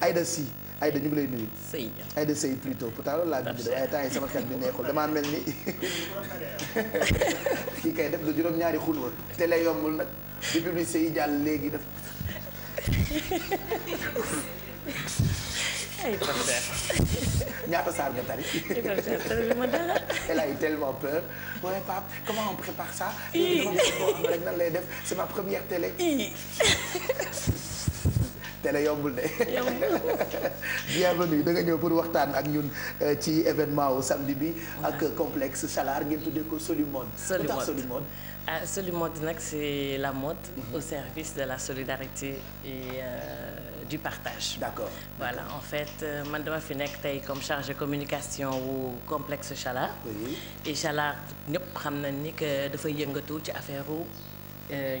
Aïda Sy Aïda ñu ngi lay nuyu. Sëy Aïda Sëy plutôt pourtant loolu laa bind waaye temps yi sama xel bi neexul damaa mel ni kii kay def lu juróom-ñaari xulwa te lay yombul nag di publicité yi jàll léegi def. ñaata saar nga tari. elle a eu tellement peur. waaye Pape comment on prépare ça. rek nan lay def c'est première télé. télé yombul de. bienvenue da nga ñëw pour waxtaan ak ñun euh, ci événement wu samedi bi. ak complexe Salar ngeen tuddee ko Solimode. Solimode ah Solimode nag c'est la mode. Mhm. au service de la solidarité et. Euh, du partage. D'accord. Voilà, en fait euh, man dama fi nekk tey comme chargé communication wu complexe Chalar. Oui. Et Chalar ñëpp xam na ni que dafay yëngatu ci affaire u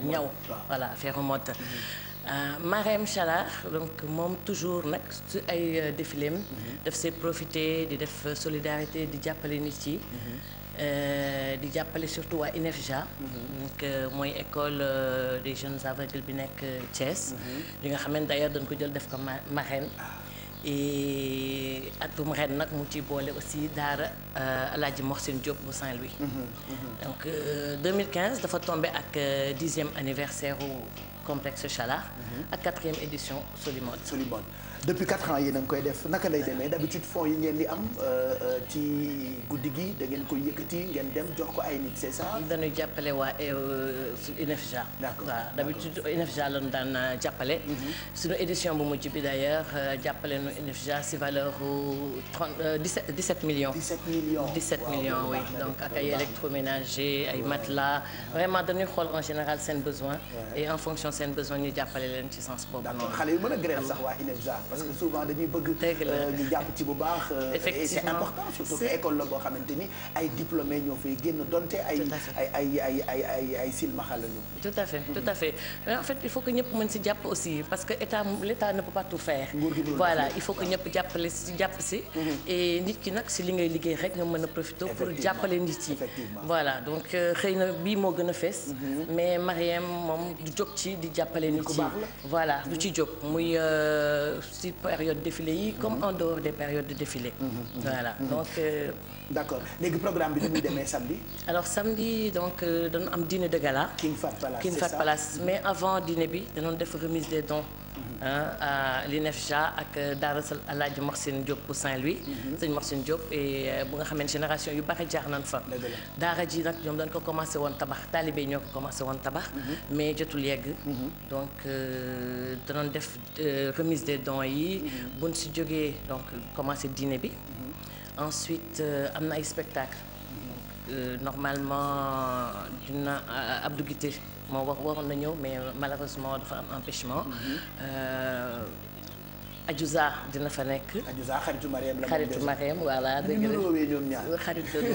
ñaw. Voilà, affaire u mode. Mhm. ah Marème Chala donc moom toujours nag su ay euh, défilé mhm. def see profité di def solidarité di jàppale nit yi. Mhm. Euh, di jàppale surtout waa INEFJA. Mhm. donc mooy école des jeunes aveugles bi nekk Thiès. li nga xam ne d'ailleurs dañ ko jël def ko marraine. Ah. et atum ren nag mu ci boole aussi daara Alaaji Mohsin Diop bu Saint-Louis. donc 2015 dafa tombé ak dixième anniversaire u complexe Chala. ak mhm. quatrième édition Solimod. Solimod depuis quatre ans yéen a koy def naka lay demee d'habitude fonds yi ngeen di am euh, euh, ci guddi gi da ngeen koy yëkkati ngeen dem jox ko ay nit c'est ça. dañuy jàppale waa UNEFJA. Euh, d'accord waaw d'habitude UNEFJA daan jàppale. Mhm. sunu édition bu mujj bi d'ailleurs jàppale nu UNEFJA si valeur bu trente dix-sept dix-sept millions. dix-sept millions 17 millions oui donc ak ay électroménager ay matelas vraiment dañuy xool en général a grève parce que souvent dañuy bëgg euh, ñu jàpp ci bu baax euh, et c'est important surtout que école la boo xamante ni ay diplômés ñoo fay génn donte ay ay ay ay ay ay silmaxa lañu tout à fait mm-hmm. tout à fait mais en fait il faut que ñëpp mën si jàpp aussi parce que état l'état ne peut pas tout faire voilà il faut que ñëpp jàppale si jàpp si mm-hmm. et nit ki nag si li ngay liggéey rek nga mën a profité pour jàppale nit yi voilà donc euh, xëy na bii moo gën a fees mm-hmm. mais Mariem moom du jóg ci di jàppale nit yi voilà du ci jóg muy si période défilé yi comme mhm. en dehors des périodes de défilé mhm, mhm, voilà donc euh, d' accord léegi programme bi nu muy demee samedi alors samedi euh, am dîner de gala King Fahd Palace Palace mais avant dîner bi dañu def remise des dons Euh, euh, l'INEFJA ak euh, daara Alaaji Maxsine Diop bu Saint-Louis mhm. sëñ Maxsine Diop et bu nga xam ne génération yu bari jaar nañ fa daara ji nag ñoom dañ ko commencé woon tabax taalibe ñoo ko commencé woon tabax mhm. mais jotul yegg mhm. donc danoon def remise des dons yi buñ si jógee donc commencé dîner bi ensuite am na ay spectacle Euh, normalement dina euh, Abdou Guité moo wax waroon na ñëw mais malheureusement dafa am empêchement. Mhm. Euh, Adjouza dina fa nekk. Adjouza xaritu Mariam la xaritu Mariam voilà. dëgg la ñoom ñaar xaritu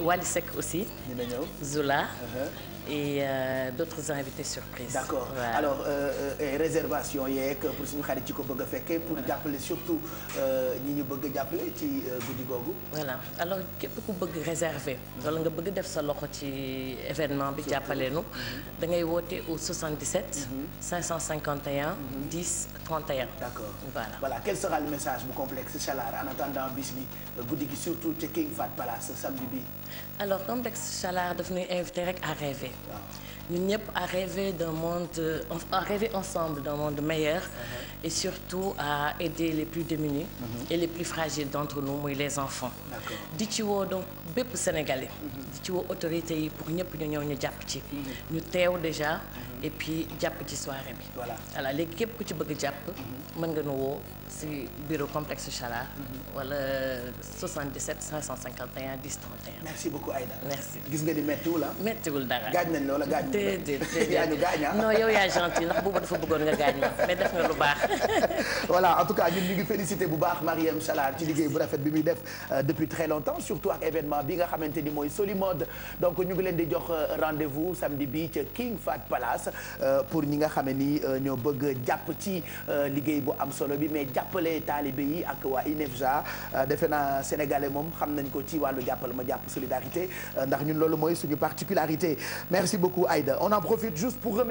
Wally aussi. dina ñëw Zula. Uh-huh. et euh, d'autres invités surprises. d'accord voilà. alors euh, euh réservation yeeg pour xarit ci ko bëgg a pour jàppale surtout euh, ñi ñu bëgg a jàppale ci euh, guddi googu. voilà alors képp ku bëgg réserver. wala nga bëgg def sa loxo ci événement bi jàppale nu mhm. da ngay woote au 77. 551 10 31. d'accord voilà voilà quel sera le message bu complexe Chalar en attendant bis bi guddi gi surtout ci King Fat Palace samedi bi. alors complexe Chalar daf ñuy invité rek à rêver. ñun ñëpp a rêver d'un monde à euh, rêver ensemble d'un monde meilleur uh-huh. et surtout à aider les plus démunis uh-huh. et les plus fragiles d'entre nous muy les enfants di ci woo donc bépp sénégalais uh-huh. di ci woo autorités yi pour ñëpp ñu ñëw ñu jàpp ci ñu teew déjà et puis jàpp ci soirée bi. voilà voilà léegi képp ku ci bëgg jàpp. Mhm. mën nga nu woo si bureau complexe Chala. Mhm. wala 77 551 10 31. merci beaucoup Aïda. merci gis nga di méttiwul ah. méttiwul dara gaañ nañ loola gaañ. Ah? déedéet déedéet yaa ñu gaañ non yow yaa gentil ndax boobu dafa bëggoon nga gaañ ma mais def nga lu baax. voilà en tout cas ñun ñu ngi félicité bu baax Mariam Chalar ci liggéey bu rafet bi muy def euh, depuis très longtemps surtout ak événement bi nga xamante ni mooy Solimode donc ñu ngi leen di jox euh, rendez-vous samedi bi ca King Fat Palace euh, pour ñi nga xam ne ni ñoo bëgg jàpp ci liggéey bu am solo bi mais jàppale taalibe yi ak waa INEFJA defe naa sénégalais moom xam nañ ko ci wàllu jàppal ma jàpp solidarité ndax ñun loolu mooy suñu particularité merci beaucoup Aïda on pour